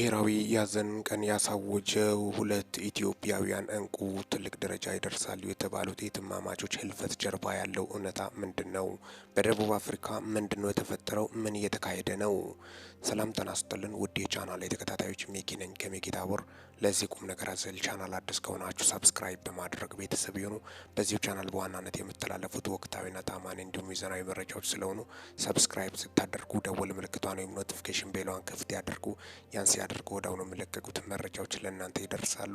ብሔራዊ ያዘን ቀን ያሳወጀው ሁለት ኢትዮጵያውያን እንቁ ትልቅ ደረጃ ይደርሳሉ የተባሉት የትማማቾች ህልፈት ጀርባ ያለው እውነታ ምንድን ነው? በደቡብ አፍሪካ ምንድን ነው የተፈጠረው? ምን እየተካሄደ ነው? ሰላም ተናስጥልን ውድ የቻናል የተከታታዮች ሜኪ ነኝ ከሜኪ ታቦር። ለዚህ ቁም ነገር አዘል ቻናል አዲስ ከሆናችሁ ሰብስክራይብ በማድረግ ቤተሰብ የሆኑ በዚሁ ቻናል በዋናነት የምተላለፉት ወቅታዊና ታማኒ እንዲሁም ይዘናዊ መረጃዎች ስለሆኑ ሰብስክራይብ ስታደርጉ ደወል ምልክቷን ወይም ኖቲፊኬሽን ቤሏን ክፍት ያደርጉ ያንስ አድርጎ ወዳሁኑ የሚለቀቁትን መረጃዎች ለእናንተ ይደርሳሉ።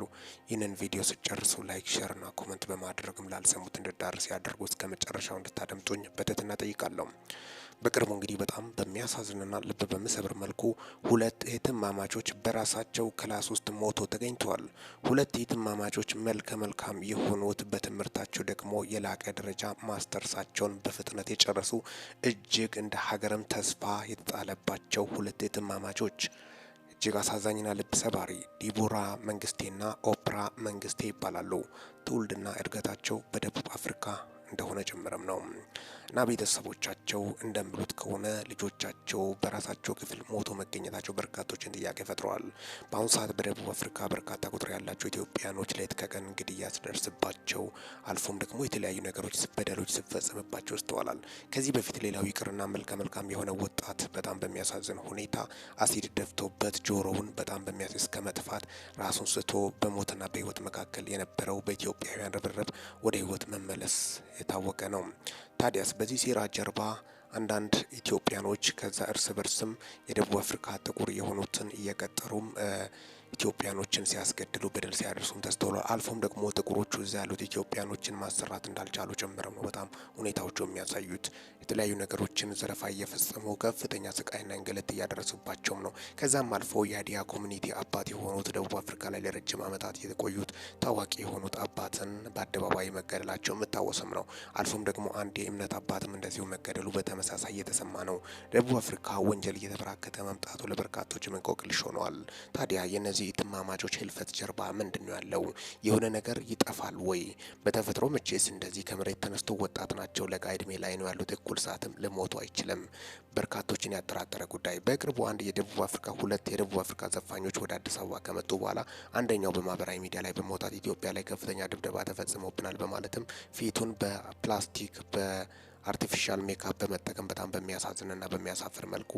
ይህንን ቪዲዮ ስጨርሱ ላይክ፣ ና ኮመንት በማድረግም ላልሰሙት እንድዳርስ ያደርጉ እስከ መጨረሻው እንድታደምጡኝ በትህትና ጠይቃለሁ። በቅርቡ እንግዲህ በጣም በሚያሳዝንና ልብ በምሰብር መልኩ ሁለት እህትማማቾች በራሳቸው ክላስ ውስጥ ሞቶ ተገኝተዋል። ሁለት እህትማማቾች መልከ መልካም የሆኑት በትምህርታቸው ደግሞ የላቀ ደረጃ ማስተርሳቸውን በፍጥነት የጨረሱ እጅግ እንደ ሀገርም ተስፋ የተጣለባቸው ሁለት እህትማማቾች እጅግ አሳዛኝና ልብ ሰባሪ ዲቦራ መንግስቴና ኦፕራ መንግስቴ ይባላሉ። ትውልድና እድገታቸው በደቡብ አፍሪካ እንደሆነ ጭምርም ነው እና ቤተሰቦቻቸው እንደሚሉት ከሆነ ልጆቻቸው በራሳቸው ክፍል ሞቶ መገኘታቸው በርካቶችን ጥያቄ ፈጥረዋል። በአሁኑ ሰዓት በደቡብ አፍሪካ በርካታ ቁጥር ያላቸው ኢትዮጵያኖች ሌት ከቀን ግድያ ሲደርስባቸው አልፎም ደግሞ የተለያዩ ነገሮች በደሎች ሲፈጸምባቸው ይስተዋላል። ከዚህ በፊት ሌላው ይቅርና መልከ መልካም የሆነ ወጣት በጣም በሚያሳዝን ሁኔታ አሲድ ደፍቶበት ጆሮውን በጣም በሚያስስ ከመጥፋት ራሱን ስቶ በሞትና በህይወት መካከል የነበረው በኢትዮጵያውያን ርብርብ ወደ ህይወት መመለስ የታወቀ ነው። ታዲያስ በዚህ ሴራ ጀርባ አንዳንድ ኢትዮጵያኖች ከዛ እርስ በርስም የደቡብ አፍሪካ ጥቁር የሆኑትን እየቀጠሩም ኢትዮጵያኖችን ሲያስገድሉ በደል ሲያደርሱም ተስተውሏል። አልፎም ደግሞ ጥቁሮቹ እዛ ያሉት ኢትዮጵያኖችን ማሰራት እንዳልቻሉ ጀምረው ነው በጣም ሁኔታዎቹ የሚያሳዩት። የተለያዩ ነገሮችን ዘረፋ እየፈጸሙ ከፍተኛ ስቃይና እንግልት እያደረሱባቸውም ነው። ከዛም አልፎ የአዲያ ኮሚኒቲ አባት የሆኑት ደቡብ አፍሪካ ላይ ለረጅም ዓመታት የቆዩት ታዋቂ የሆኑት አባትን በአደባባይ መገደላቸው የምታወስም ነው። አልፎም ደግሞ አንድ የእምነት አባትም እንደዚሁ መገደሉ በተመሳሳይ እየተሰማ ነው። ደቡብ አፍሪካ ወንጀል እየተበራከተ መምጣቱ ለበርካቶች መንቆቅልሽ ሆነዋል። ታዲያ የነ ከዚህ የትማማቾች ህልፈት ጀርባ ምንድን ነው ያለው? የሆነ ነገር ይጠፋል ወይ? በተፈጥሮ መቼስ እንደዚህ ከመሬት ተነስቶ ወጣት ናቸው፣ ለጋ እድሜ ላይ ነው ያሉት፣ እኩል ሰዓትም ልሞቱ አይችልም። በርካቶችን ያጠራጠረ ጉዳይ። በቅርቡ አንድ የደቡብ አፍሪካ ሁለት የደቡብ አፍሪካ ዘፋኞች ወደ አዲስ አበባ ከመጡ በኋላ አንደኛው በማህበራዊ ሚዲያ ላይ በመውጣት ኢትዮጵያ ላይ ከፍተኛ ድብደባ ተፈጽሞብናል በማለትም ፊቱን በፕላስቲክ በ አርቲፊሻል ሜካፕ በመጠቀም በጣም በሚያሳዝንና በሚያሳፍር መልኩ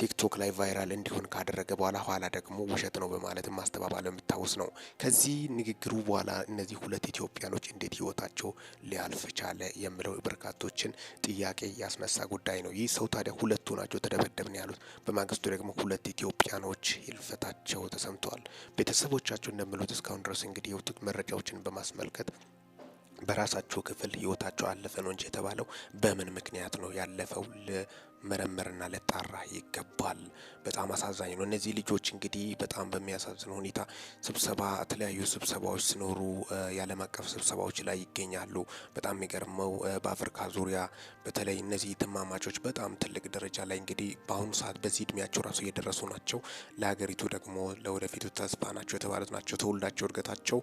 ቲክቶክ ላይ ቫይራል እንዲሆን ካደረገ በኋላ ኋላ ደግሞ ውሸት ነው በማለት ማስተባባል የሚታወስ ነው። ከዚህ ንግግሩ በኋላ እነዚህ ሁለት ኢትዮጵያኖች እንዴት ህይወታቸው ሊያልፍ ቻለ የሚለው በርካቶችን ጥያቄ ያስነሳ ጉዳይ ነው። ይህ ሰው ታዲያ ሁለቱ ናቸው ተደበደብን ያሉት። በማግስቱ ደግሞ ሁለት ኢትዮጵያኖች ህልፈታቸው ተሰምተዋል። ቤተሰቦቻቸው እንደሚሉት እስካሁን ድረስ እንግዲህ የወጡት መረጃዎችን በማስመልከት በራሳቸው ክፍል ህይወታቸው አለፈ ነው እንጂ የተባለው በምን ምክንያት ነው ያለፈው ልመረመርና ለጣራ ይገባል። በጣም አሳዛኝ ነው። እነዚህ ልጆች እንግዲህ በጣም በሚያሳዝን ሁኔታ ስብሰባ፣ የተለያዩ ስብሰባዎች ሲኖሩ የዓለም አቀፍ ስብሰባዎች ላይ ይገኛሉ። በጣም የሚገርመው በአፍሪካ ዙሪያ በተለይ እነዚህ ትማማቾች በጣም ትልቅ ደረጃ ላይ እንግዲህ በአሁኑ ሰዓት በዚህ እድሜያቸው ራሱ እየደረሱ ናቸው። ለሀገሪቱ ደግሞ ለወደፊቱ ተስፋ ናቸው የተባሉት ናቸው። ተወልዳቸው እድገታቸው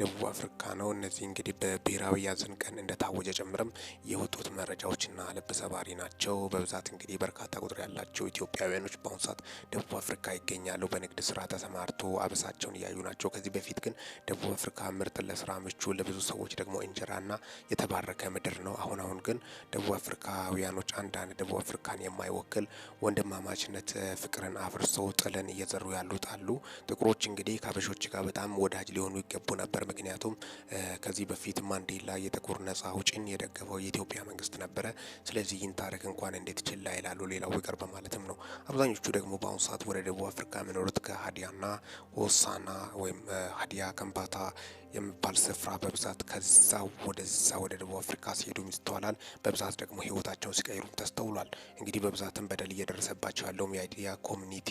ደቡብ አፍሪካ ነው። እነዚህ እንግዲህ በብሔራዊ ያዘን ቀን እንደታወጀ ጨምረም የወጡት መረጃዎችና ልብ ሰባሪ ናቸው በብዛት እንግዲህ እንግዲህ በርካታ ቁጥር ያላቸው ኢትዮጵያውያኖች በአሁኑ ሰዓት ደቡብ አፍሪካ ይገኛሉ። በንግድ ስራ ተሰማርቶ አበሳቸውን እያዩ ናቸው። ከዚህ በፊት ግን ደቡብ አፍሪካ ምርጥ ለስራ ምቹ፣ ለብዙ ሰዎች ደግሞ እንጀራና የተባረከ ምድር ነው። አሁን አሁን ግን ደቡብ አፍሪካውያኖች አንዳንድ ደቡብ አፍሪካን የማይወክል ወንድማማችነት ፍቅርን አፍርሶ ጥልን እየዘሩ ያሉት አሉ። ጥቁሮች እንግዲህ ከአበሾች ጋር በጣም ወዳጅ ሊሆኑ ይገቡ ነበር። ምክንያቱም ከዚህ በፊት ማንዴላ የጥቁር ነጻ አውጪን የደገፈው የኢትዮጵያ መንግስት ነበረ። ስለዚህ ይህን ታሪክ እንኳን እንዴት ችል ችላ ይላሉ። ሌላው ይቀር በማለትም ነው። አብዛኞቹ ደግሞ በአሁኑ ሰዓት ወደ ደቡብ አፍሪካ የሚኖሩት ከሀዲያና ሆሳና ወይም ሀዲያ ከምባታ የሚባል ስፍራ በብዛት ከዛ ወደዛ ወደ ደቡብ አፍሪካ ሲሄዱ ይስተዋላል። በብዛት ደግሞ ህይወታቸውን ሲቀይሩም ተስተውሏል። እንግዲህ በብዛትም በደል እየደረሰባቸው ያለውም የሀዲያ ኮሚኒቲ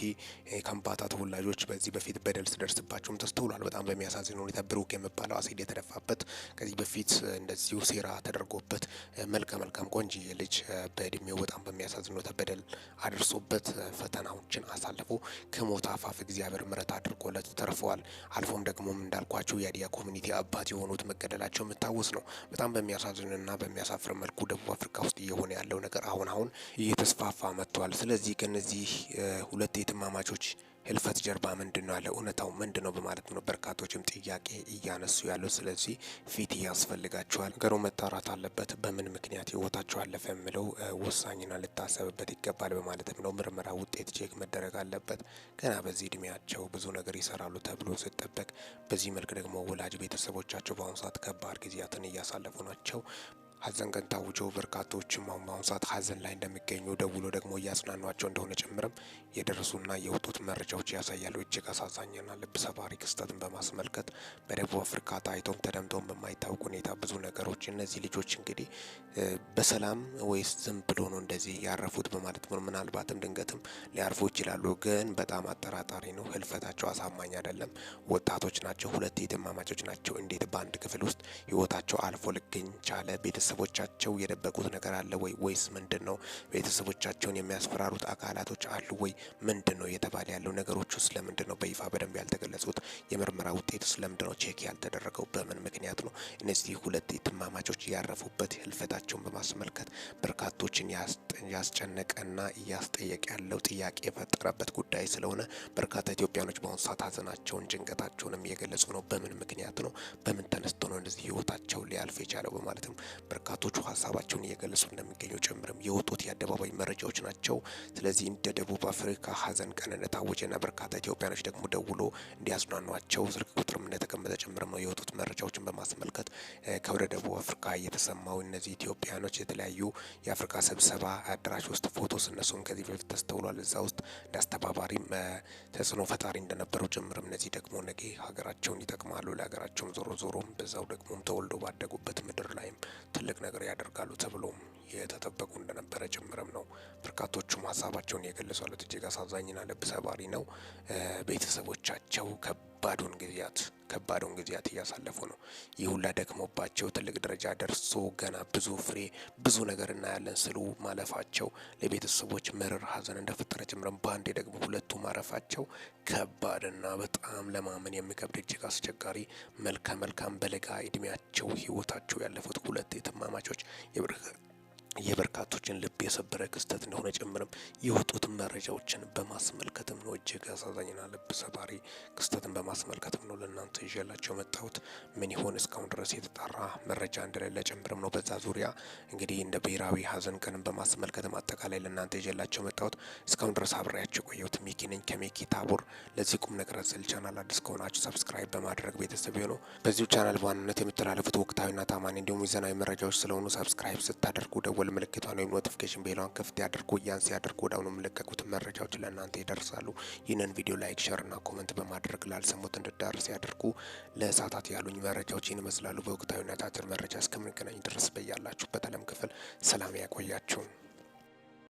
ከምባታ ተወላጆች በዚህ በፊት በደል ሲደርስባቸውም ተስተውሏል። በጣም በሚያሳዝን ሁኔታ ብሩክ የሚባለው አሴድ የተደፋበት ከዚህ በፊት እንደዚሁ ሴራ ተደርጎበት መልከ መልካም ቆንጆ ልጅ በእድሜው በጣም በሚያሳዝ አዝኖተ በደል አድርሶበት ፈተናዎችን አሳልፎ ከሞት አፋፍ እግዚአብሔር ምረት አድርጎለት ተርፈዋል። አልፎም ደግሞም እንዳልኳቸው የአዲያ ኮሚኒቲ አባት የሆኑት መገደላቸው የምታወስ ነው። በጣም በሚያሳዝንና በሚያሳፍር መልኩ ደቡብ አፍሪካ ውስጥ እየሆነ ያለው ነገር አሁን አሁን እየተስፋፋ መጥቷል። ስለዚህ ከነዚህ ሁለት የትማማቾች ህልፈት ጀርባ ምንድን ነው ያለ እውነታው ምንድን ነው በማለት ነው በርካቶችም ጥያቄ እያነሱ ያሉ። ስለዚህ ፊት ያስፈልጋቸዋል፣ ነገሩ መጣራት አለበት። በምን ምክንያት ህይወታቸው አለፈ የሚለው ወሳኝና ልታሰብበት ይገባል በማለትም ነው ምርመራ ውጤት ቼክ መደረግ አለበት። ገና በዚህ እድሜያቸው ብዙ ነገር ይሰራሉ ተብሎ ሲጠበቅ፣ በዚህ መልክ ደግሞ ወላጅ ቤተሰቦቻቸው በአሁኑ ሰዓት ከባድ ጊዜያትን እያሳለፉ ናቸው። ሀዘን ቀን ታውጆ በርካቶችም አሁን በአሁኑ ሰዓት ሀዘን ላይ እንደሚገኙ ደውሎ ደግሞ እያጽናኗቸው እንደሆነ ጭምርም የደረሱና የወጡት መረጃዎች ያሳያሉ። እጅግ አሳዛኝና ልብ ሰባሪ ክስተትን በማስመልከት በደቡብ አፍሪካ ታይቶም ተደምጦም በማይታወቅ ሁኔታ ብዙ ነገሮች እነዚህ ልጆች እንግዲህ በሰላም ወይስ ዝም ብሎ ነው እንደዚህ ያረፉት በማለት ምናልባትም ድንገትም ሊያርፉ ይችላሉ። ግን በጣም አጠራጣሪ ነው። ህልፈታቸው አሳማኝ አይደለም። ወጣቶች ናቸው፣ ሁለት የትማማቾች ናቸው። እንዴት በአንድ ክፍል ውስጥ ህይወታቸው አልፎ ልገኝ ቻለ? ቤተሰቦቻቸው የደበቁት ነገር አለ ወይ? ወይስ ምንድን ነው? ቤተሰቦቻቸውን የሚያስፈራሩት አካላቶች አሉ ወይ? ምንድን ነው እየተባለ ያለው? ነገሮች ውስጥ ለምንድን ነው በይፋ በደንብ ያልተገለጹት? የምርመራ ውጤት ውስጥ ለምንድን ነው ቼክ ያልተደረገው? በምን ምክንያት ነው እነዚህ ሁለት የትማማቾች ያረፉበት ህልፈታቸው መሆናቸውን በማስመልከት በርካቶችን ያስጨነቀና እያስጠየቅ ያለው ጥያቄ የፈጠረበት ጉዳይ ስለሆነ በርካታ ኢትዮጵያኖች በአሁኑ ሰዓት ሀዘናቸውን ጭንቀታቸውንም እየገለጹ ነው። በምን ምክንያት ነው? በምን ተነስቶ ነው እንደዚህ ህይወታቸው ሊያልፍ የቻለው? በማለትም በርካቶቹ ሀሳባቸውን እየገለጹ እንደሚገኙ ጭምርም የወጡት የአደባባይ መረጃዎች ናቸው። ስለዚህ እንደ ደቡብ አፍሪካ ሀዘን ቀን እንደታወጀና በርካታ ኢትዮጵያኖች ደግሞ ደውሎ እንዲያጽናኗቸው ስልክ ቁጥርም እንደተቀመጠ ጭምርም ነው የወጡት መረጃዎችን በማስመልከት ከወደ ደቡብ አፍሪካ እየተሰማው እነዚህ ኢትዮ ኢትዮጵያኖች የተለያዩ የአፍሪካ ስብሰባ አዳራሽ ውስጥ ፎቶ ስነሱን ከዚህ በፊት ተስተውሏል። እዛ ውስጥ እንደ አስተባባሪም ተጽዕኖ ፈጣሪ እንደነበሩ ጭምር እነዚህ ደግሞ ነገ ሀገራቸውን ይጠቅማሉ። ለሀገራቸውም ዞሮ ዞሮም በዛው ደግሞ ተወልዶ ባደጉበት ምድር ላይም ትልቅ ነገር ያደርጋሉ ተብሎም የተጠበቁ እንደነበረ ጭምርም ነው። በርካቶቹም ሀሳባቸውን የገለጹ አሉት። እጅግ አሳዛኝና ልብ ሰባሪ ነው። ቤተሰቦቻቸው ከባዱን ጊዜያት ከባዱን ጊዜያት እያሳለፉ ነው። ይህ ሁላ ደክሞባቸው ትልቅ ደረጃ ደርሶ ገና ብዙ ፍሬ ብዙ ነገር እናያለን ስሉ ማለፋቸው ለቤተሰቦች መርር ሐዘን እንደፈጠረ ጭምረን በአንዴ ደግሞ ሁለቱ ማረፋቸው ከባድና በጣም ለማመን የሚከብድ እጅግ አስቸጋሪ መልከ መልካም በለጋ እድሜያቸው ህይወታቸው ያለፉት ሁለት የትማማቾች የብር የበርካቶችን ልብ የሰበረ ክስተት እንደሆነ ጭምርም የወጡትን መረጃዎችን በማስመልከትም ነው። እጅግ አሳዛኝና ልብ ሰባሪ ክስተትን በማስመልከትም ነው ለእናንተ ይዤላቸው መጣሁት። ምን ይሆን እስካሁን ድረስ የተጣራ መረጃ እንደሌለ ጭምርም ነው። በዛ ዙሪያ እንግዲህ እንደ ብሔራዊ ሀዘን ቀንም በማስመልከትም አጠቃላይ ለእናንተ ይዤላቸው መጣሁት። እስካሁን ድረስ አብሬያቸው ቆየሁት። ሚኪ ነኝ ከሚኪ ታቦር። ለዚህ ቁም ነገር ስል ቻናል አዲስ ከሆናችሁ ሰብስክራይብ በማድረግ ቤተሰብ የሆነው በዚሁ ቻናል በዋንነት የምተላለፉት ወቅታዊና ታማኝ እንዲሁም ይዘናዊ መረጃዎች ስለሆኑ ሰብስክራይብ ስታደርጉ ደወል የደወል ምልክቷን ወይም ኖቲፊኬሽን ቤሏን ክፍት ያድርጉ። ያን ሲያደርጉ ወዲያውኑ የሚለቀቁትን መረጃዎች ለእናንተ ይደርሳሉ። ይህንን ቪዲዮ ላይክ፣ ሸር ና ኮመንት በማድረግ ላልሰሙት እንዲዳረስ ያደርጉ። ለእሳታት ያሉኝ ይህን ይመስላሉ። በወቅታዊና አጫጭር መረጃ እስከምንገናኝ ድረስ በያላችሁበት ዓለም ክፍል ሰላም ያቆያችሁ።